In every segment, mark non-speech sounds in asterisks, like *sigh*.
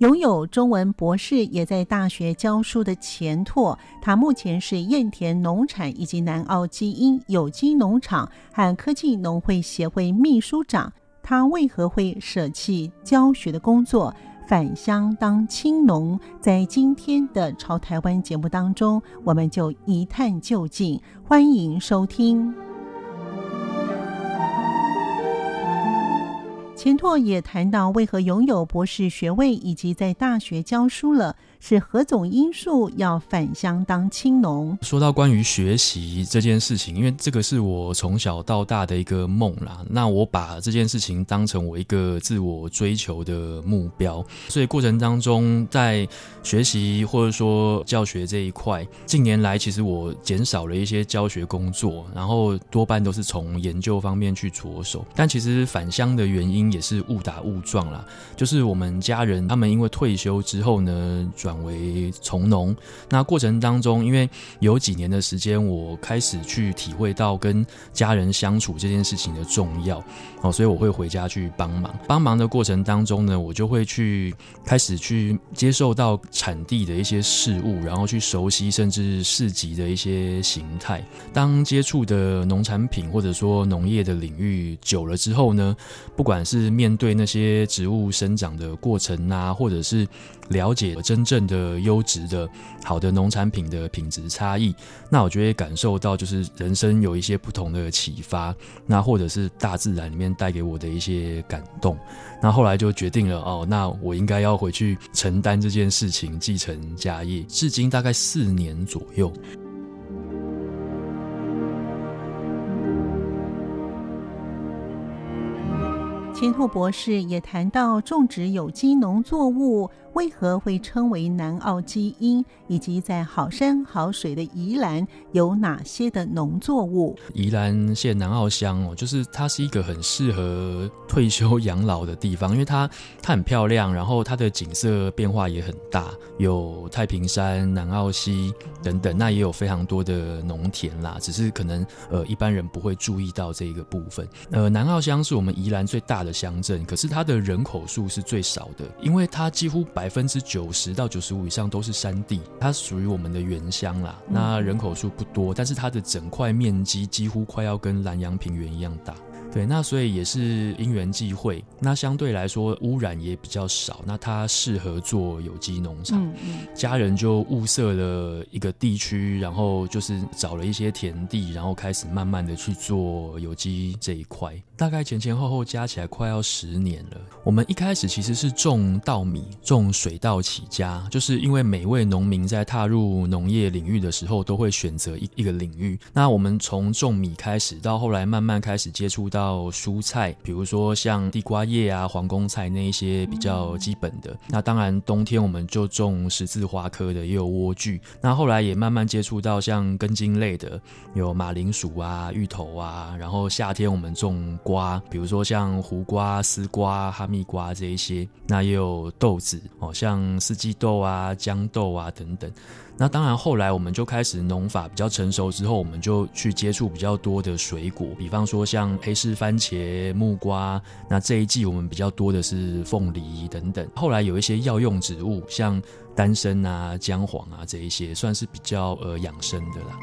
擁有，有中文博士，也在大學教書的錢拓，他目前是燕田農產以及南澳基因有機農場、和科技農會協會秘書長。他為何會捨棄教學的工作，返鄉當青農？在今天的《朝台灣》節目當中，我們就一探究竟。歡迎收聽。錢拓也談到為何擁有博士學位以及在大學教書了，是何種因素要返鄉當青農？說到關於學習這件事情，因為這個是我從小到大的一個夢啦。那我把這件事情當成我一個自我追求的目標，所以過程當中在學習或者說教學這一塊，近年來其實我減少了一些教學工作，然後多半都是從研究方面去着手。但其實返鄉的原因也。也是誤打誤撞啦，就是我們家人他們因為退休之後呢，轉為從農。那過程當中，因為有幾年的時間，我開始去體會到跟家人相處這件事情的重要哦，所以我會回家去幫忙。幫忙的過程當中呢，我就會去開始去接受到產地的一些事物，然後去熟悉甚至市集的一些形態。當接觸的農產品或者說農業的領域久了之後呢，不管是面對那些植物生長的過程啊，或者是了解真正的優質的好的農產品的品質差異，那我覺得感受到就是人生有一些不同的啟發，那或者是大自然裡面帶給我的一些感動，那後來就決定了哦，那我應該要回去承擔這件事情，繼承家業，至今大概四年左右。錢拓博士也談到種植有機農作物。為何會稱為南澳基因？以及在好山好水的宜蘭有哪些的農作物？宜蘭縣南澳鄉哦，就是它是一個很適合退休養老的地方，因為它它很漂亮，然後它的景色變化也很大，有太平山、南澳溪等等。那也有非常多的農田啦，只是可能呃一般人不會注意到這一個部分。呃，南澳鄉是我們宜蘭最大的鄉鎮，可是它的人口數是最少的，因為它幾乎百。百分之九十到九十五以上都是山地，它屬於我們的原鄉啦。那人口數不多，但是它的整塊面積幾乎快要跟蘭陽平原一樣大。對，那所以也是因緣際會，那相對來說污染也比較少，那它適合做有機農場。嗯嗯、家人就物色了一個地區，然後就是找了一些田地，然後開始慢慢的去做有機這一塊。大概前前後後加起來快要十年了。我們一開始其實是種稻米，種水稻起家，就是因為每位農民在踏入農業領域的時候都會選擇一一個領域。那我們從種米開始，到後來慢慢開始接觸到。到蔬菜，比如說像地瓜葉啊、皇宮菜那一些比較基本的。那當然，冬天我們就種十字花科的，也有萵苣。那後來也慢慢接觸到像根莖類的，有馬鈴薯啊、芋頭啊。然後夏天我們種瓜，比如說像胡瓜、絲瓜、哈密瓜這一些。那也有豆子，哦，像四季豆啊、豇豆啊等等。那當然，後來我們就開始農法比較成熟之後，我們就去接觸比較多的水果，比方說像黑柿番茄、木瓜。那這一季我們比較多的是鳳梨等等。後來有一些藥用植物，像丹參啊、薑黃啊這一些，算是比較、呃、養生的啦。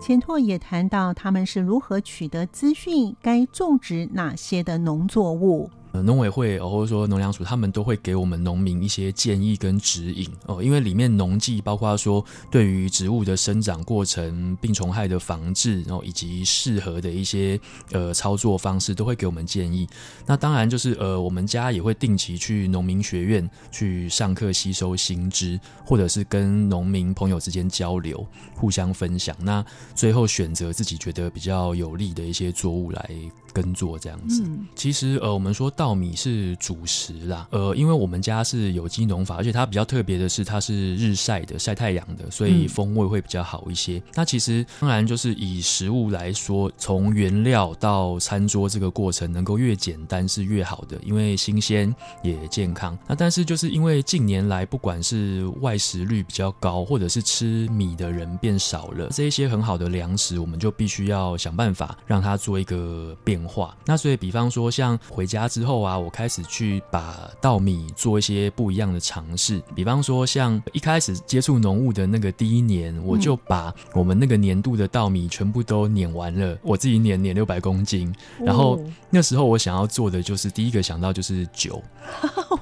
錢拓也談到他們是如何取得資訊，該種植哪些的農作物。呃，農委會或者說農糧署，他們都會給我們農民一些建議跟指引哦，呃，因為裡面農技包括說對於植物的生長過程、病蟲害的防治，然後、呃、以及適合的一些呃操作方式，都會給我們建議。那當然就是呃，我們家也會定期去農民學院去上課，吸收新知，或者是跟農民朋友之間交流，互相分享。那最後選擇自己覺得比較有利的一些作物來耕作這樣子，其實呃，我們說稻米是主食啦，呃，因為我們家是有機農法，而且它比較特別的是，它是日曬的，曬太陽的，所以風味會比較好一些。嗯、那其實當然就是以食物來說，從原料到餐桌這個過程，能夠越簡單是越好的，因為新鮮也健康。那但是就是因為近年來不管是外食率比較高，或者是吃米的人變少了，這一些很好的糧食，我們就必須要想辦法讓它做一個變化。化。那所以，比方說像回家之後啊，我開始去把稻米做一些不一樣的嘗試。比方說，像一開始接觸農務的那個第一年，我就把我們那個年度的稻米全部都碾完了，我自己碾碾六百公斤。然後那時候我想要做的就是第一個想到就是酒，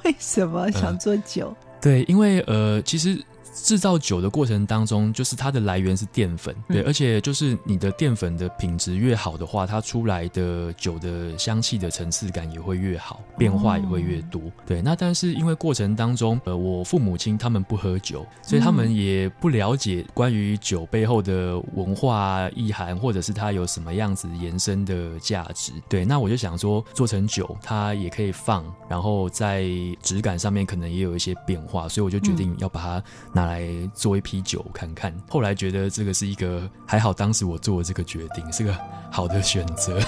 為什麼想做酒？呃、對，因為呃，其實。製造酒的過程當中，就是它的來源是澱粉，對，而且就是你的澱粉的品質越好的話，它出來的酒的香氣的層次感也會越好，變化也會越多，對。那但是因為過程當中，呃，我父母親他們不喝酒，所以他們也不了解關於酒背後的文化意涵，或者是它有什麼樣子延伸的價值，對。那我就想說，做成酒它也可以放，然後在質感上面可能也有一些變化，所以我就決定要把它。拿來做一批酒看看，後來覺得這個是一個還好，當時我做了這個決定是個好的選擇。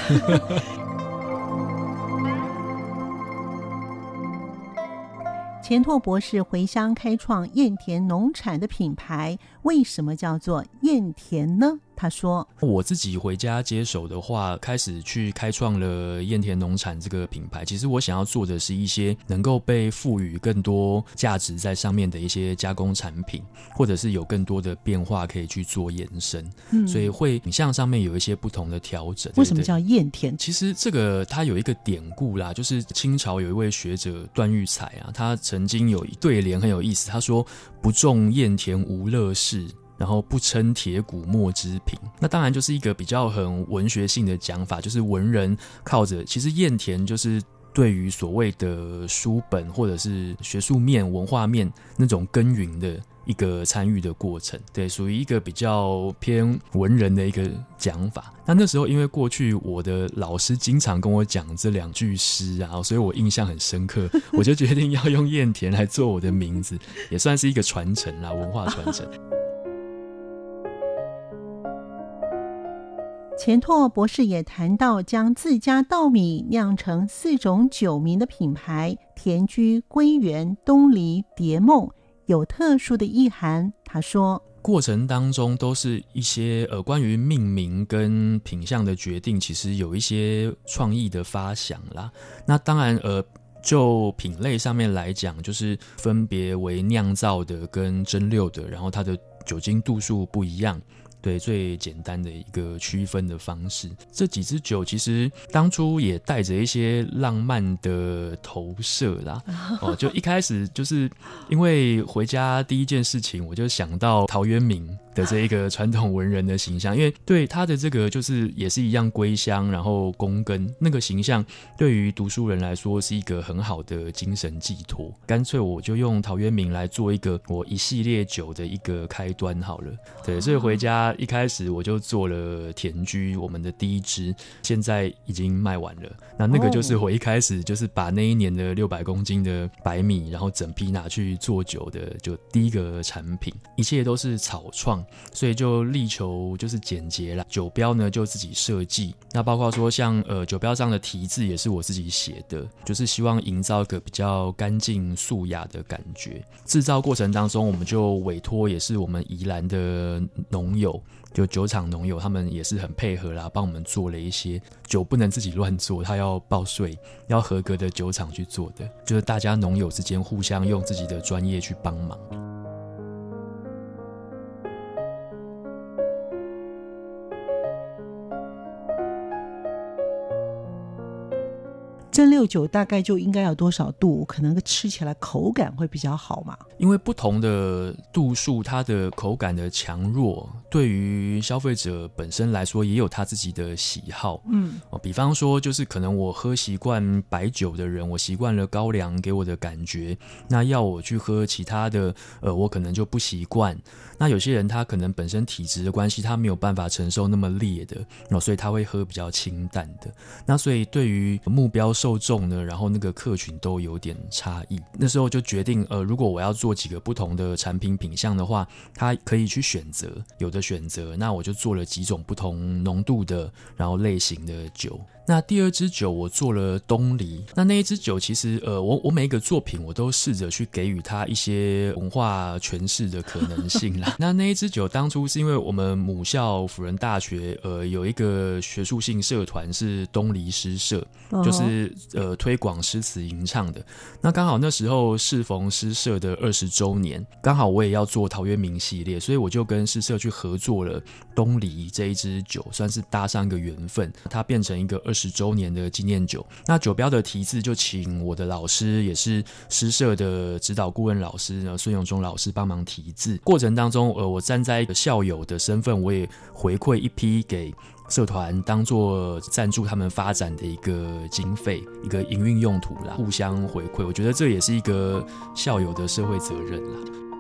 錢 *laughs* 拓博士回鄉開創燕田農產的品牌，為什麼叫做燕田呢？他說：“我自己回家接手的話，開始去開創了硯田農產這個品牌。其實我想要做的是一些能夠被賦予更多價值在上面的一些加工產品，或者是有更多的變化可以去做延伸。嗯，所以會影像上面有一些不同的調整。為、嗯、什麼叫硯田？其實這個它有一個典故啦，就是清朝有一位學者段玉裁啊，他曾經有一對聯很有意思，他說：‘不種硯田無樂事。’”然後不稱鐵骨墨之品，那當然就是一個比較很文學性的講法，就是文人靠着，其實硯田就是對於所謂的書本或者是學術面、文化面那種耕耘的一個參與的過程，對，屬於一個比較偏文人的一個講法。那那時候因為過去我的老師經常跟我講這兩句詩啊，所以我印象很深刻，我就決定要用硯田來做我的名字，也算是一個傳承啦，文化傳承。錢拓博士也談到，將自家稻米釀成四種酒名的品牌“田居、歸園、東籬、蝶夢”，有特殊的意涵。他說，過程當中都是一些呃關於命名跟品相的決定，其實有一些創意的發想啦。那當然，呃，就品類上面來講，就是分別為釀造的跟蒸餾的，然後它的酒精度數不一樣。對，最簡單的一個區分的方式，這幾支酒其實當初也帶着一些浪漫的投射啦。哦，就一開始就是因為回家第一件事情，我就想到陶淵明的這一個傳統文人的形象，因為對他的這個就是也是一樣歸鄉，然後躬耕。那個形象，對於讀書人來說是一個很好的精神寄托。乾脆我就用陶淵明來做一個我一系列酒的一個開端好了。對，所以回家。一開始我就做了田居，我們的第一支現在已經賣完了。那那個就是我一開始就是把那一年的六百公斤的白米，然後整批拿去做酒的，就第一個產品，一切都是草創，所以就力求就是簡潔啦。酒標呢就自己設計，那包括說像呃酒標上的題字也是我自己寫的，就是希望營造一個比較乾淨素雅的感覺。制造過程當中，我們就委托也是我們宜蘭的農友。就酒廠農友，他們也是很配合啦，幫我們做了一些，酒不能自己亂做，他要報稅，要合格的酒廠去做的，就是大家農友之間互相用自己的專業去幫忙。蒸餾酒大概就應該有多少度？可能吃起來口感會比較好嘛？因為不同的度數，它的口感的強弱。對於消費者本身來說，也有他自己的喜好，嗯，哦，比方說就是可能我喝習慣白酒的人，我習慣了高粱給我的感覺，那要我去喝其他的，呃，我可能就不習慣。那有些人他可能本身體質的關係，他沒有辦法承受那麼烈的，哦，所以他會喝比較清淡的。那所以對於目標受眾呢，然後那個客群都有點差異。那時候就決定，呃，如果我要做幾個不同的產品品項的話，他可以去選擇，有的。選擇，那我就做了幾種不同濃度的，然後類型的酒。那第二支酒我做了東籬，那那一支酒其實呃，我我每一個作品我都試着去給予它一些文化詮釋的可能性啦。 *laughs* 那那一支酒當初是因為我們母校輔仁大學呃有一個學術性社團是東籬詩社，oh. 就是呃推廣詩詞吟唱的。那剛好那時候適逢詩社的二十周年，剛好我也要做陶淵明系列，所以我就跟詩社去合作了東籬這一支酒，算是搭上一個緣分，它變成一個二十。十週年的紀念酒，那酒標的題字就請我的老師，也是詩社的指導顧問老師，孫永忠老師幫忙題字。過程當中，呃，我站在校友的身份，我也回饋一批給社團，當做贊助他們發展的一個經費，一個營運用途啦，互相回饋。我覺得這也是一個校友的社會責任啦。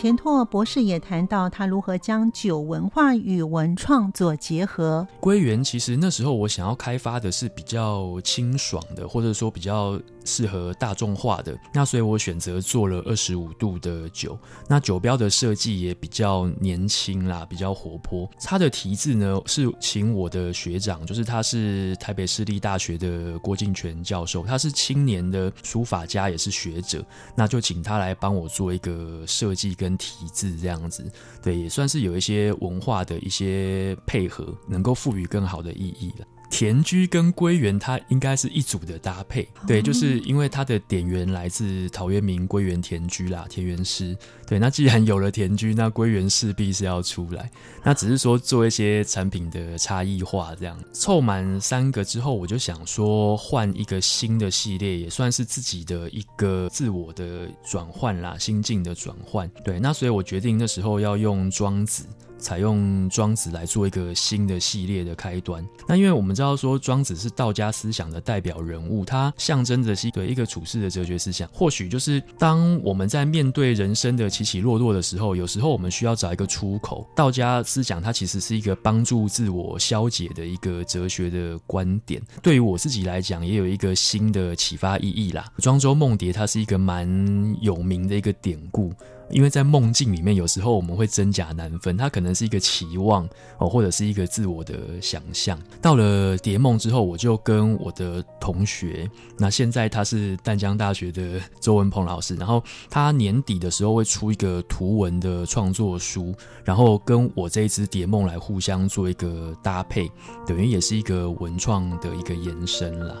錢拓博士也談到他如何將酒文化與文創做結合。歸園其實那時候我想要開發的是比較清爽的，或者說比較適合大眾化的，那所以我選擇做了二十五度的酒。那酒標的設計也比較年輕啦，比較活潑。他的題字呢，是請我的學長，就是他是台北市立大學的郭敬泉教授，他是青年的書法家，也是學者，那就請他來幫我做一個設計跟體制這樣子，對，也算是有一些文化的一些配合，能夠賦予更好的意義了。田居跟歸園，它應該是一組的搭配，對，就是因為它的典源來自陶淵明《歸園田居》啦，田園詩。對，那既然有了田居，那歸園勢必是要出來。那只是說做一些產品的差異化，這樣湊滿三個之後，我就想說換一個新的系列，也算是自己的一個自我的轉換啦，心境的轉換。對，那所以我決定那時候要用《莊子》，採用《莊子》來做一個新的系列的開端。那因為我們，知道說莊子是道家思想的代表人物，他象徵着一個一個處世的哲學思想。或許就是當我們在面對人生的起起落落的時候，有時候我們需要找一個出口。道家思想它其實是一個幫助自我消解的一個哲學的觀點。對於我自己來講，也有一個新的啟發意義啦。莊周夢蝶，它是一個蠻有名的一個典故。因為在夢境裡面，有時候我們會真假難分，它可能是一個期望或者是一個自我的想象。到了蝶夢之後，我就跟我的同學，那現在他是淡江大學的周文鵬老師，然後他年底的時候會出一個圖文的創作書，然後跟我這一支蝶夢來互相做一個搭配，等於也是一個文創的一個延伸啦。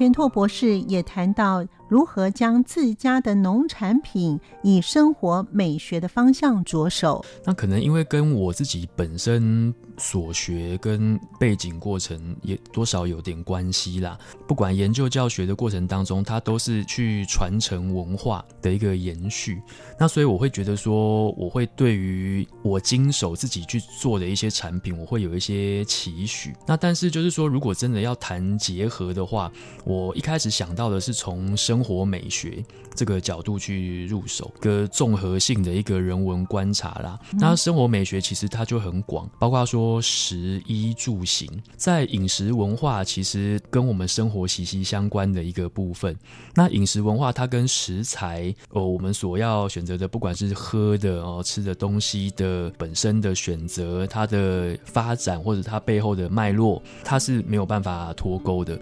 錢拓博士也談到。如何將自家的農產品以生活美學的方向着手？那可能因為跟我自己本身所學跟背景過程也多少有點關係啦。不管研究教學的過程當中，它都是去傳承文化的一個延續。那所以我會覺得說，我會對於我經手自己去做的一些產品，我會有一些期許。那但是就是說，如果真的要談結合的話，我一開始想到的是從生。生活美學這個角度去入手，一個綜合性的一個人文觀察啦。那生活美學其實它就很廣，包括說食衣住行，在飲食文化其實跟我們生活息息相關的一個部分。那飲食文化它跟食材，哦，我們所要選擇的，不管是喝的哦，吃的東西的本身的選擇，它的發展或者它背後的脈絡，它是沒有辦法脫鈎的。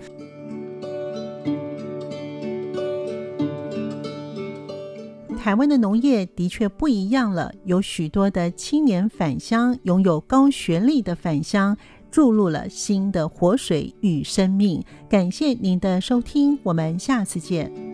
台灣的農業的確不一樣了，有許多的青年返鄉，擁有高學歷的返鄉，注入了新的活水與生命。感謝您的收聽，我們下次見。